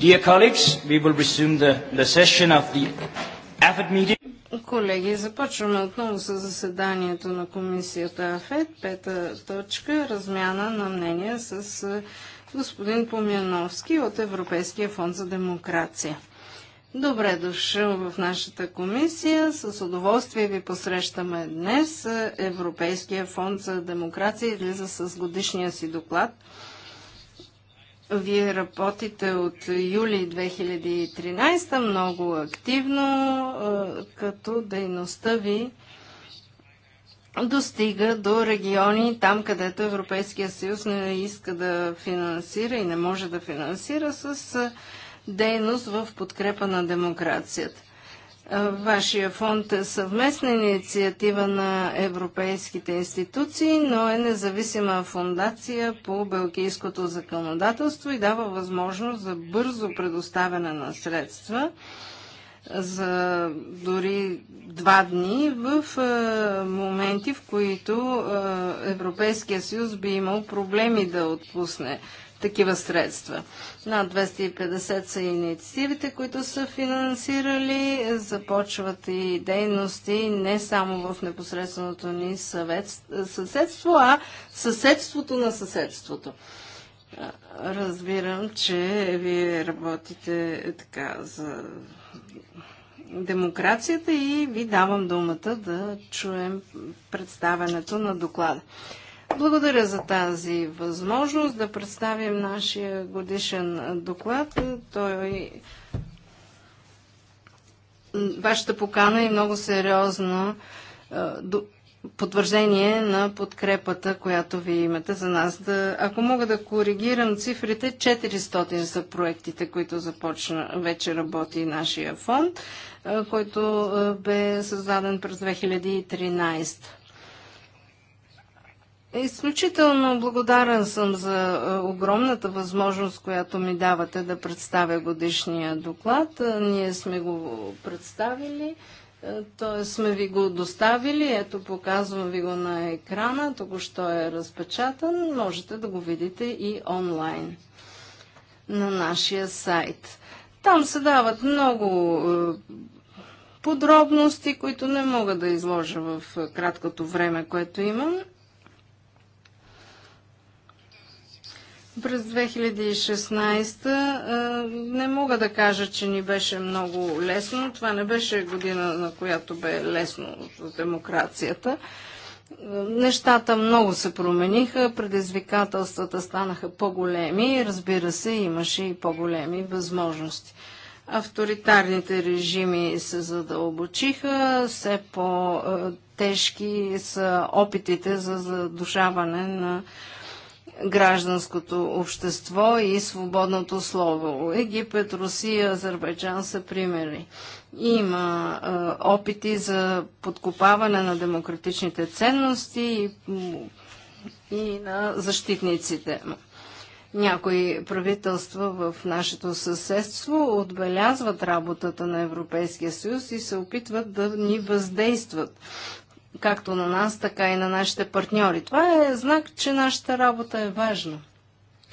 Dear colleagues, we will resume the, the session of the AFED meeting. Колеги, започваме отново с заседанието на комисията АФЕД, пета точка, размяна на мнение с господин Помяновски от Европейския фонд за демокрация. Добре дошъл в нашата комисия. С удоволствие ви посрещаме днес. Европейския фонд за демокрация излиза с годишния си доклад – вие работите от юли 2013 много активно, като дейността ви достига до региони там, където Европейския съюз не иска да финансира и не може да финансира с дейност в подкрепа на демокрацията. Вашия фонд е съвместна инициатива на европейските институции, но е независима фундация по белгийското законодателство и дава възможност за бързо предоставяне на средства за дори два дни в моменти, в които Европейския съюз би имал проблеми да отпусне такива средства. Над 250 са инициативите, които са финансирали. Започват и дейности не само в непосредственото ни съвет, съседство, а съседството на съседството. Разбирам, че вие работите така за демокрацията и ви давам думата да чуем представенето на доклада. Благодаря за тази възможност да представим нашия годишен доклад. Той вашата покана е много сериозно е, потвърждение на подкрепата, която ви имате за нас. Да, ако мога да коригирам цифрите, 400 са проектите, които започна, вече работи нашия фонд, е, който е, бе създаден през 2013. Изключително благодарен съм за е, огромната възможност, която ми давате да представя годишния доклад. Е, ние сме го представили, е, т.е. сме ви го доставили. Ето, показвам ви го на екрана, току-що е разпечатан. Можете да го видите и онлайн на нашия сайт. Там се дават много подробности, които не мога да изложа в краткото време, което имам. През 2016 не мога да кажа, че ни беше много лесно. Това не беше година, на която бе лесно за демокрацията. Нещата много се промениха, предизвикателствата станаха по-големи и разбира се, имаше и по-големи възможности. Авторитарните режими се задълбочиха, все по-тежки са опитите за задушаване на гражданското общество и свободното слово. Египет, Русия, Азербайджан са примери. Има е, опити за подкопаване на демократичните ценности и, и на защитниците. Някои правителства в нашето съседство отбелязват работата на Европейския съюз и се опитват да ни въздействат както на нас, така и на нашите партньори. Това е знак, че нашата работа е важна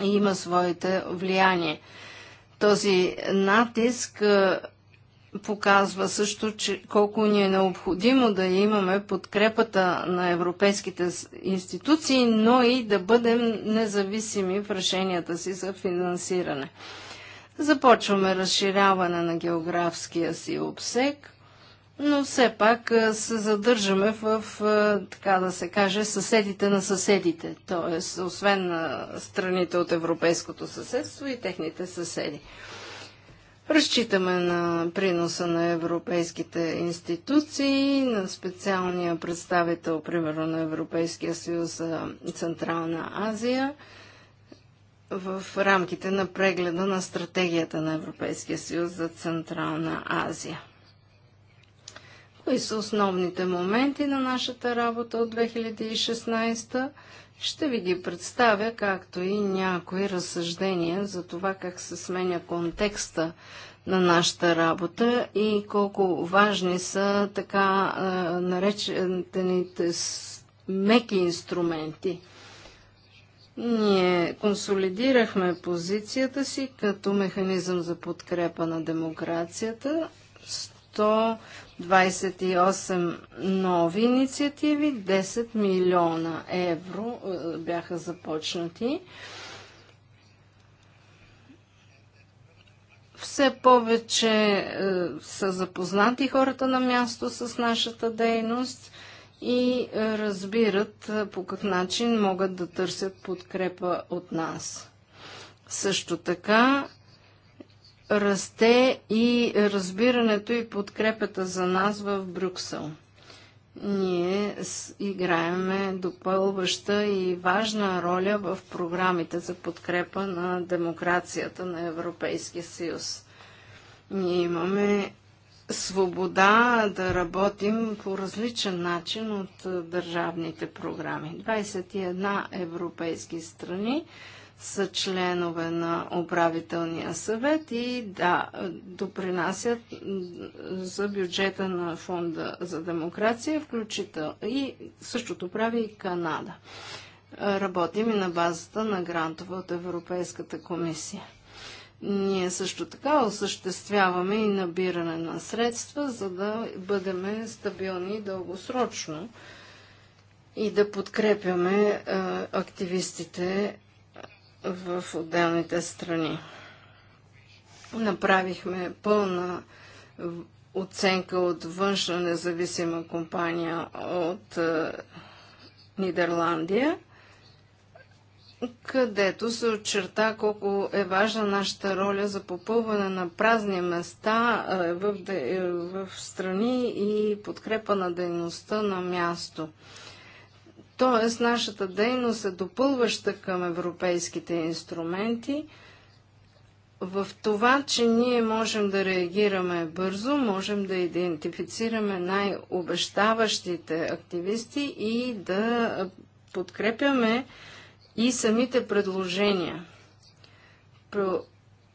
и има своите влияние. Този натиск показва също, че колко ни е необходимо да имаме подкрепата на европейските институции, но и да бъдем независими в решенията си за финансиране. Започваме разширяване на географския си обсек – но все пак се задържаме в, така да се каже, съседите на съседите, т.е. освен на страните от европейското съседство и техните съседи. Разчитаме на приноса на европейските институции, на специалния представител, примерно на Европейския съюз за Централна Азия, в рамките на прегледа на стратегията на Европейския съюз за Централна Азия. Кои са основните моменти на нашата работа от 2016? Ще ви ги представя, както и някои разсъждения за това как се сменя контекста на нашата работа и колко важни са така наречените меки инструменти. Ние консолидирахме позицията си като механизъм за подкрепа на демокрацията. 28 нови инициативи, 10 милиона евро е, бяха започнати. Все повече е, са запознати хората на място с нашата дейност и е, разбират по как начин могат да търсят подкрепа от нас. Също така расте и разбирането и подкрепата за нас в Брюксел. Ние играеме допълваща и важна роля в програмите за подкрепа на демокрацията на Европейския съюз. Ние имаме свобода да работим по различен начин от държавните програми. 21 европейски страни са членове на управителния съвет и да, допринасят за бюджета на Фонда за демокрация, включително и същото прави и Канада. Работим и на базата на грантове от Европейската комисия. Ние също така осъществяваме и набиране на средства, за да бъдем стабилни дългосрочно и да подкрепяме активистите в отделните страни. Направихме пълна оценка от външна независима компания от е, Нидерландия, където се очерта колко е важна нашата роля за попълване на празни места е, в, е, в страни и подкрепа на дейността на място. Тоест, нашата дейност е допълваща към европейските инструменти в това, че ние можем да реагираме бързо, можем да идентифицираме най-обещаващите активисти и да подкрепяме и самите предложения.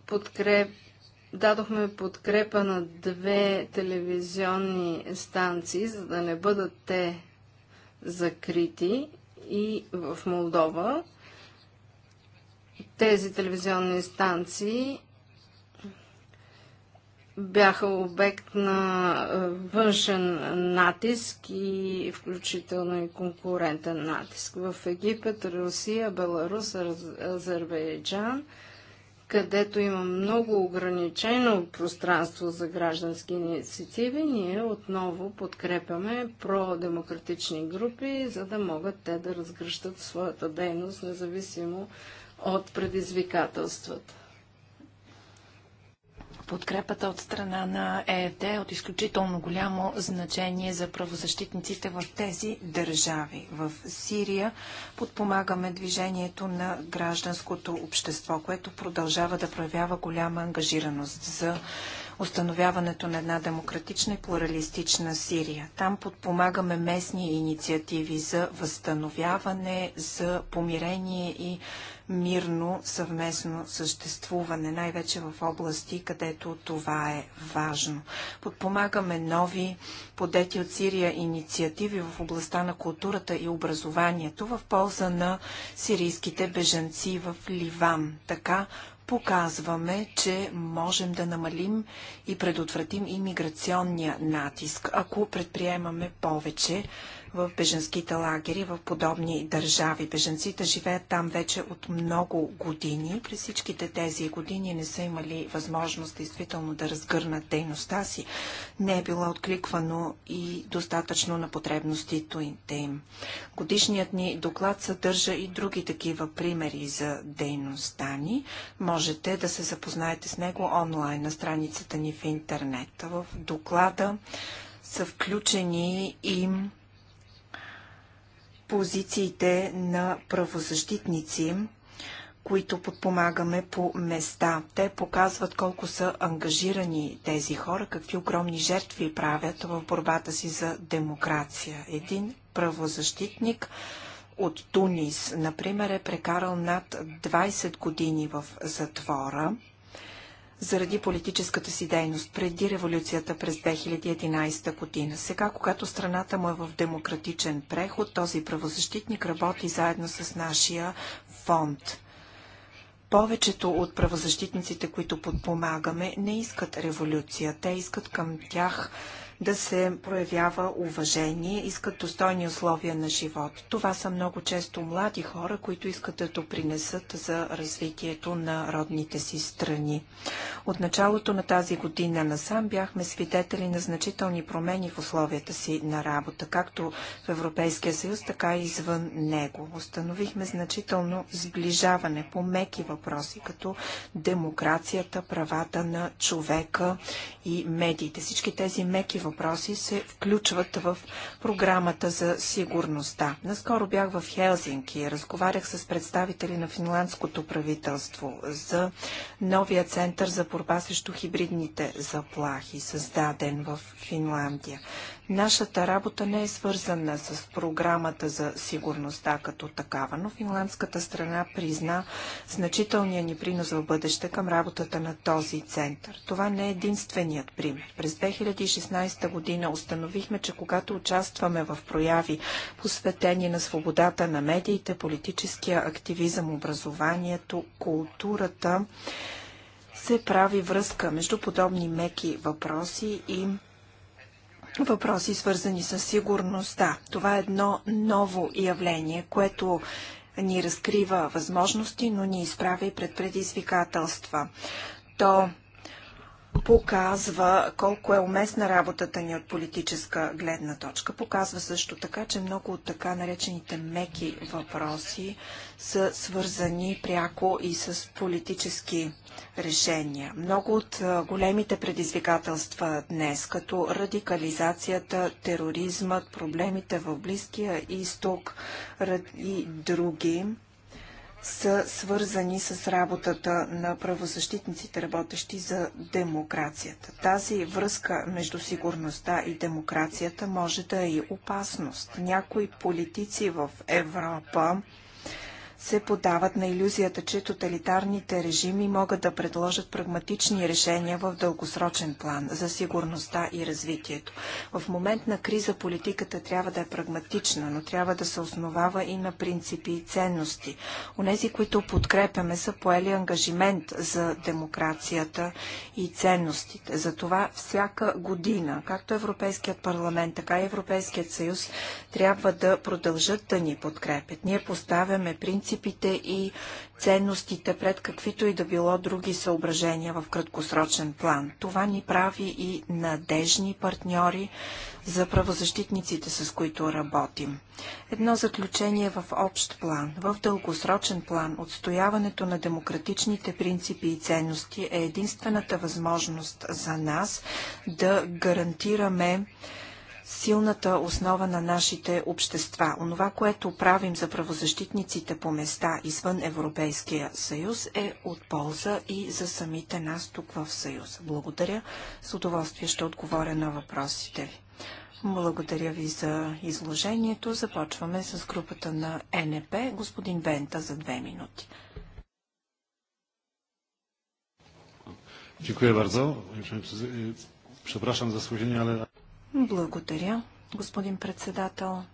Подкреп... Дадохме подкрепа на две телевизионни станции, за да не бъдат те закрити и в Молдова. Тези телевизионни станции бяха обект на е, външен натиск и включително и конкурентен натиск в Египет, Русия, Беларус, Азербайджан където има много ограничено пространство за граждански инициативи, ние отново подкрепяме продемократични групи, за да могат те да разгръщат своята дейност, независимо от предизвикателствата. Подкрепата от страна на ЕФД е от изключително голямо значение за правозащитниците в тези държави. В Сирия подпомагаме движението на гражданското общество, което продължава да проявява голяма ангажираност за установяването на една демократична и плуралистична Сирия. Там подпомагаме местни инициативи за възстановяване, за помирение и мирно съвместно съществуване, най-вече в области, където това е важно. Подпомагаме нови подети от Сирия инициативи в областта на културата и образованието в полза на сирийските бежанци в Ливан. Така показваме, че можем да намалим и предотвратим имиграционния натиск, ако предприемаме повече в беженските лагери в подобни държави. Беженците живеят там вече от много години. През всичките тези години не са имали възможност действително да разгърнат дейността си. Не е било откликвано и достатъчно на потребностите им. Годишният ни доклад съдържа и други такива примери за дейността ни. Може можете да се запознаете с него онлайн на страницата ни в интернет. В доклада са включени и позициите на правозащитници, които подпомагаме по места. Те показват колко са ангажирани тези хора, какви огромни жертви правят в борбата си за демокрация. Един правозащитник от Тунис, например, е прекарал над 20 години в затвора заради политическата си дейност преди революцията през 2011 година. Сега, когато страната му е в демократичен преход, този правозащитник работи заедно с нашия фонд. Повечето от правозащитниците, които подпомагаме, не искат революция. Те искат към тях да се проявява уважение, искат достойни условия на живот. Това са много често млади хора, които искат да допринесат за развитието на родните си страни. От началото на тази година насам бяхме свидетели на значителни промени в условията си на работа, както в Европейския съюз, така и извън него. Установихме значително сближаване по меки въпроси, като демокрацията, правата на човека и медиите. Всички тези меки въпроси въпроси се включват в програмата за сигурността. Наскоро бях в Хелзинки и разговарях с представители на финландското правителство за новия център за борба срещу хибридните заплахи, създаден в Финландия. Нашата работа не е свързана с програмата за сигурността като такава, но финландската страна призна значителния ни принос в бъдеще към работата на този център. Това не е единственият пример. През 2016 година установихме, че когато участваме в прояви, посветени на свободата на медиите, политическия активизъм, образованието, културата, се прави връзка между подобни меки въпроси и въпроси, свързани с сигурността. Това е едно ново явление, което ни разкрива възможности, но ни изправя и пред предизвикателства. То показва колко е уместна работата ни от политическа гледна точка. Показва също така, че много от така наречените меки въпроси са свързани пряко и с политически решения. Много от големите предизвикателства днес, като радикализацията, тероризмът, проблемите в Близкия изток и други, са свързани с работата на правозащитниците, работещи за демокрацията. Тази връзка между сигурността и демокрацията може да е и опасност. Някои политици в Европа се подават на иллюзията, че тоталитарните режими могат да предложат прагматични решения в дългосрочен план за сигурността и развитието. В момент на криза политиката трябва да е прагматична, но трябва да се основава и на принципи и ценности. Онези, които подкрепяме, са поели ангажимент за демокрацията и ценностите. Затова всяка година, както Европейският парламент, така и Европейският съюз, трябва да продължат да ни подкрепят. Ние поставяме принципи принципите и ценностите пред каквито и да било други съображения в краткосрочен план. Това ни прави и надежни партньори за правозащитниците, с които работим. Едно заключение в общ план. В дългосрочен план отстояването на демократичните принципи и ценности е единствената възможност за нас да гарантираме силната основа на нашите общества. Онова, което правим за правозащитниците по места извън Европейския съюз е от полза и за самите нас тук в съюз. Благодаря. С удоволствие ще отговоря на въпросите ви. Благодаря ви за изложението. Започваме с групата на НП. Господин Вента за две минути. Dziękuję bardzo. Przepraszam za spóźnienie, ale благодаря, господин председател.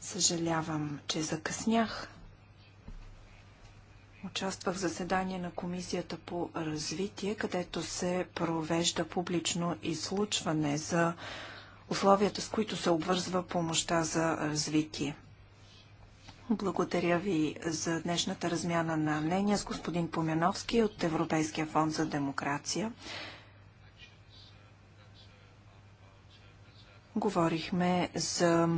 Съжалявам, че закъснях. Участвах в заседание на Комисията по развитие, където се провежда публично излучване за условията, с които се обвързва помощта за развитие. Благодаря ви за днешната размяна на мнения с господин Помяновски от Европейския фонд за демокрация. Говорихме за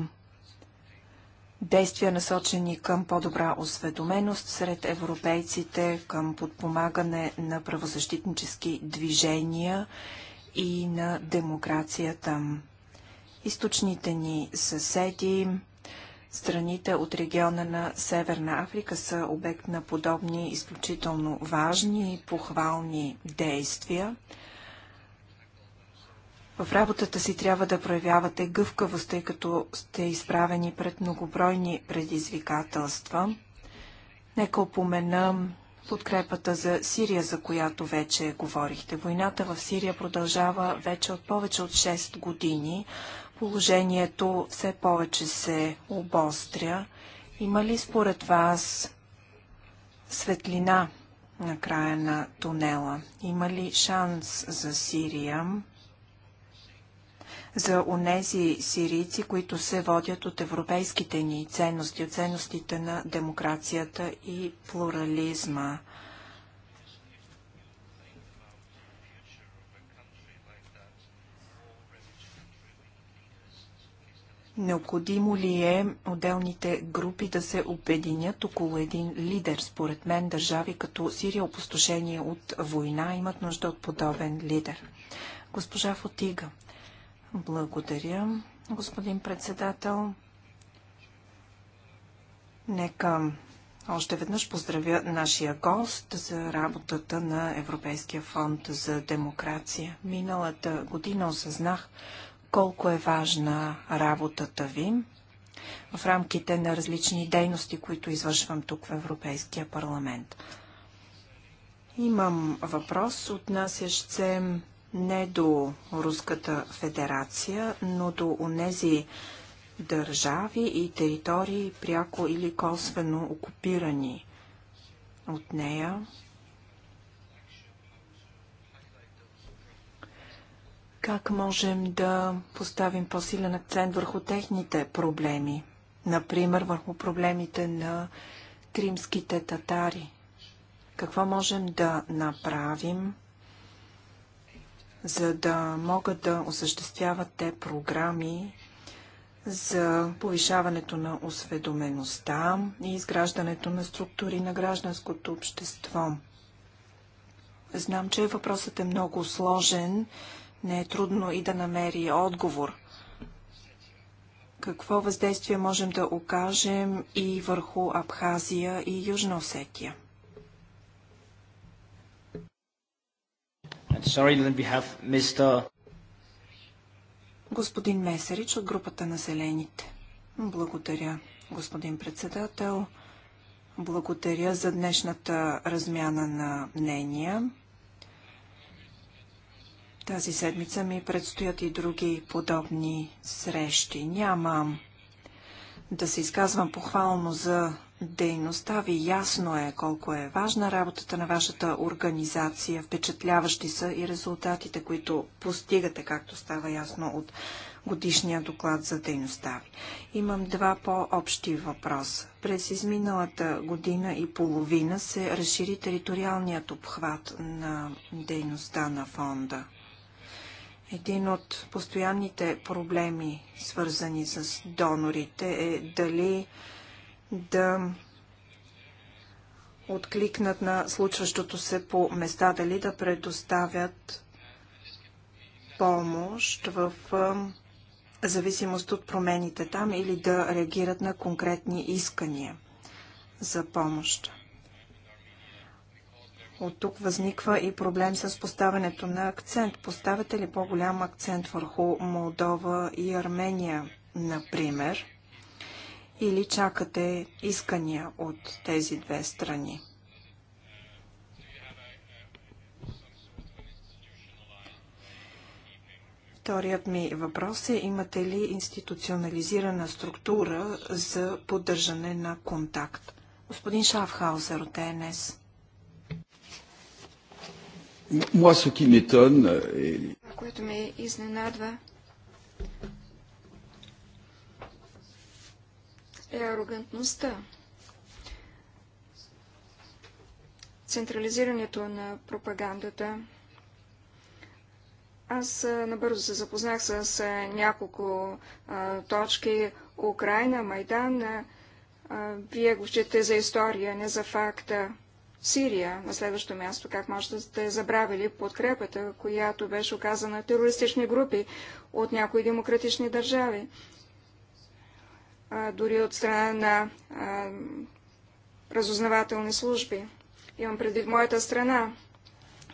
действия насочени към по-добра осведоменост сред европейците, към подпомагане на правозащитнически движения и на демокрацията. Източните ни съседи, страните от региона на Северна Африка са обект на подобни изключително важни и похвални действия. В работата си трябва да проявявате гъвкавост, тъй като сте изправени пред многобройни предизвикателства. Нека упомена подкрепата за Сирия, за която вече говорихте. Войната в Сирия продължава вече от повече от 6 години. Положението все повече се обостря. Има ли според вас светлина на края на тунела? Има ли шанс за Сирия? за онези сирийци, които се водят от европейските ни ценности, от ценностите на демокрацията и плурализма. Необходимо ли е отделните групи да се обединят около един лидер? Според мен държави като Сирия, опустошение от война, имат нужда от подобен лидер. Госпожа Фотига, благодаря, господин председател. Нека още веднъж поздравя нашия гост за работата на Европейския фонд за демокрация. Миналата година осъзнах колко е важна работата ви в рамките на различни дейности, които извършвам тук в Европейския парламент. Имам въпрос, отнасящ се не до Руската федерация, но до онези държави и територии, пряко или косвено окупирани от нея. Как можем да поставим по-силен акцент върху техните проблеми? Например, върху проблемите на кримските татари. Какво можем да направим, за да могат да осъществяват те програми за повишаването на осведомеността и изграждането на структури на гражданското общество. Знам, че въпросът е много сложен, не е трудно и да намери отговор. Какво въздействие можем да окажем и върху Абхазия и Южна Осетия? Sorry, then we have Mr. Господин Месерич от групата на Зелените. Благодаря, господин председател. Благодаря за днешната размяна на мнения. Тази седмица ми предстоят и други подобни срещи. Нямам да се изказвам похвално за дейността ви. Ясно е колко е важна работата на вашата организация. Впечатляващи са и резултатите, които постигате, както става ясно от годишния доклад за дейността ви. Имам два по-общи въпроса. През изминалата година и половина се разшири териториалният обхват на дейността на фонда. Един от постоянните проблеми, свързани с донорите, е дали да откликнат на случващото се по места, дали да предоставят помощ в зависимост от промените там или да реагират на конкретни искания за помощ. От тук възниква и проблем с поставянето на акцент. Поставяте ли по-голям акцент върху Молдова и Армения, например? Или чакате искания от тези две страни? Вторият ми въпрос е, имате ли институционализирана структура за поддържане на контакт? Господин Шафхаузер от ЕНС. Moi, ce qui m'étonne... Euh, Което ме изненадва е арогантността. Централизирането на пропагандата. Аз набързо се запознах с няколко а, точки. Украина, Майдан. А, вие го считате за история, не за факта. Сирия на следващо място. Как може да сте забравили подкрепата, която беше оказана на терористични групи от някои демократични държави? дори от страна на разузнавателни служби. Имам предвид моята страна.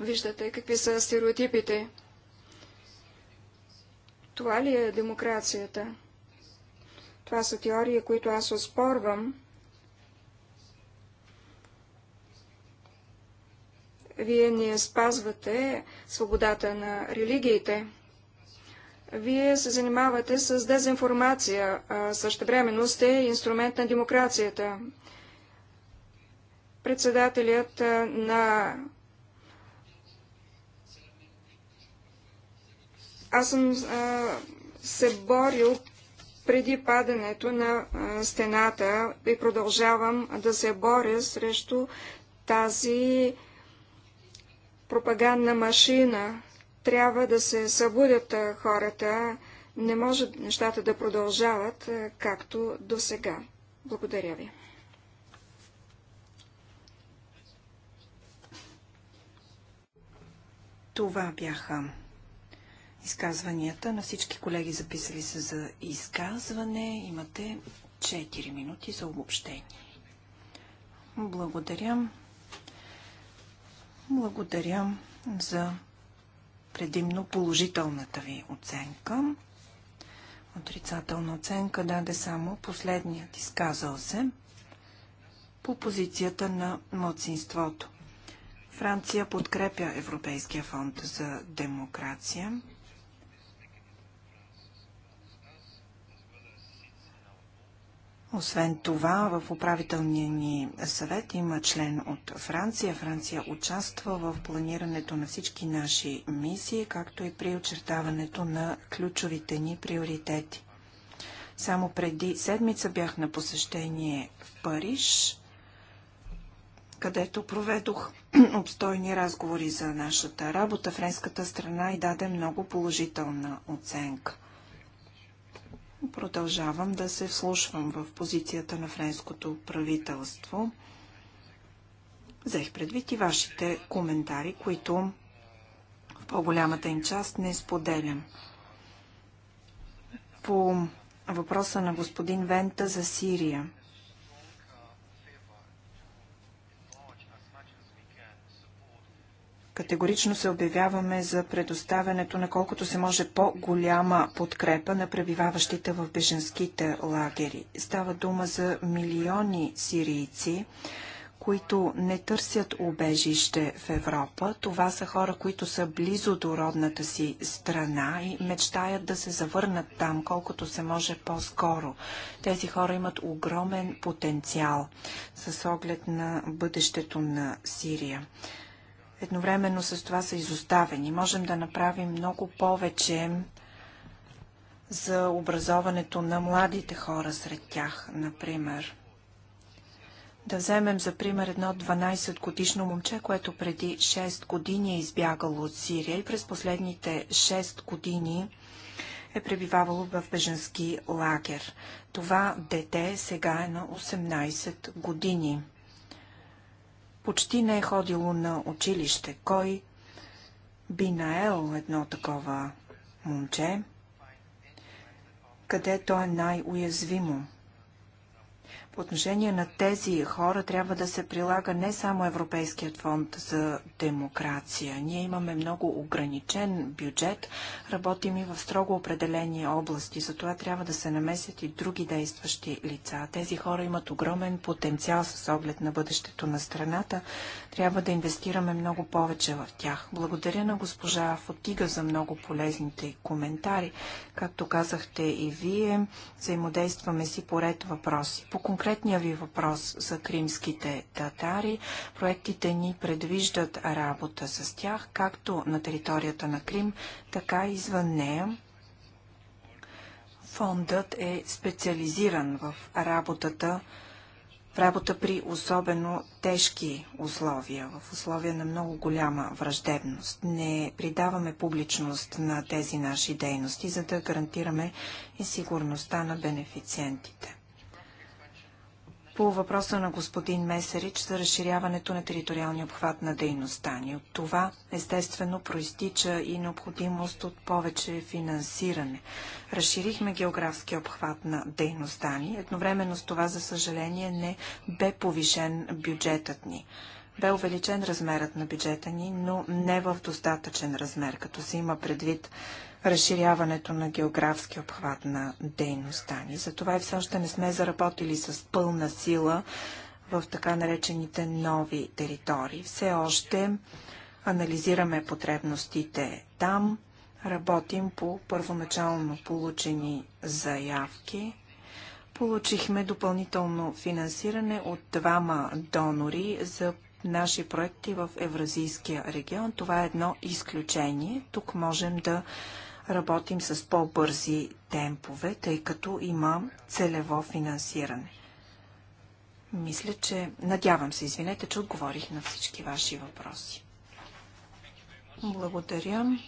Виждате какви са стереотипите. Това ли е демокрацията? Това са теории, които аз оспорвам. вие не спазвате свободата на религиите. Вие се занимавате с дезинформация, а същевременно сте инструмент на демокрацията. Председателят на... Аз съм а, се борил преди падането на а, стената и продължавам да се боря срещу тази пропагандна машина. Трябва да се събудят хората. Не може нещата да продължават както до сега. Благодаря ви. Това бяха изказванията на всички колеги, записали се за изказване. Имате 4 минути за обобщение. Благодаря. Благодаря за предимно положителната ви оценка. Отрицателна оценка даде само последният изказал се по позицията на младсинството. Франция подкрепя Европейския фонд за демокрация. Освен това, в управителния ни съвет има член от Франция. Франция участва в планирането на всички наши мисии, както и при очертаването на ключовите ни приоритети. Само преди седмица бях на посещение в Париж, където проведох обстойни разговори за нашата работа. Френската страна и даде много положителна оценка – Продължавам да се вслушвам в позицията на френското правителство. Взех предвид и вашите коментари, които в по-голямата им част не споделям. По въпроса на господин Вента за Сирия. Категорично се обявяваме за предоставянето на колкото се може по-голяма подкрепа на пребиваващите в беженските лагери. Става дума за милиони сирийци, които не търсят убежище в Европа. Това са хора, които са близо до родната си страна и мечтаят да се завърнат там, колкото се може по-скоро. Тези хора имат огромен потенциал с оглед на бъдещето на Сирия едновременно с това са изоставени. Можем да направим много повече за образоването на младите хора сред тях, например. Да вземем за пример едно 12-годишно момче, което преди 6 години е избягало от Сирия и през последните 6 години е пребивавало в беженски лагер. Това дете сега е на 18 години почти не е ходило на училище. Кой би наел едно такова момче? Къде то е най-уязвимо? По отношение на тези хора трябва да се прилага не само Европейският фонд за демокрация. Ние имаме много ограничен бюджет, работим и в строго определени области, затова трябва да се намесят и други действащи лица. Тези хора имат огромен потенциал с оглед на бъдещето на страната. Трябва да инвестираме много повече в тях. Благодаря на госпожа Фотига за много полезните коментари. Както казахте и вие, взаимодействаме си по ред въпроси. По конкретно конкретния ви въпрос за кримските татари. Проектите ни предвиждат работа с тях, както на територията на Крим, така и извън нея. Фондът е специализиран в работата работа при особено тежки условия, в условия на много голяма враждебност. Не придаваме публичност на тези наши дейности, за да гарантираме и сигурността на бенефициентите по въпроса на господин Месерич за разширяването на териториалния обхват на дейността ни. От това естествено проистича и необходимост от повече финансиране. Разширихме географския обхват на дейността ни. Едновременно с това, за съжаление, не бе повишен бюджетът ни. Бе увеличен размерът на бюджета ни, но не в достатъчен размер, като се има предвид разширяването на географски обхват на дейността ни. Затова и все още не сме заработили с пълна сила в така наречените нови територии. Все още анализираме потребностите там, работим по първоначално получени заявки. Получихме допълнително финансиране от двама донори за наши проекти в Евразийския регион. Това е едно изключение. Тук можем да работим с по-бързи темпове, тъй като има целево финансиране. Мисля, че... Надявам се, извинете, че отговорих на всички ваши въпроси. Благодаря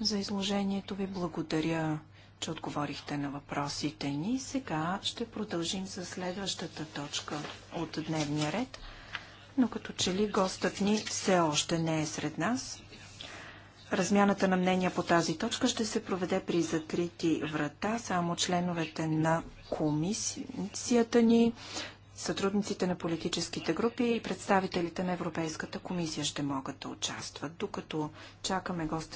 за изложението ви. Благодаря, че отговорихте на въпросите ни. Сега ще продължим с следващата точка от дневния ред – но като че ли гостът ни все още не е сред нас. Размяната на мнения по тази точка ще се проведе при закрити врата. Само членовете на комисията ни, сътрудниците на политическите групи и представителите на Европейската комисия ще могат да участват. Докато чакаме госта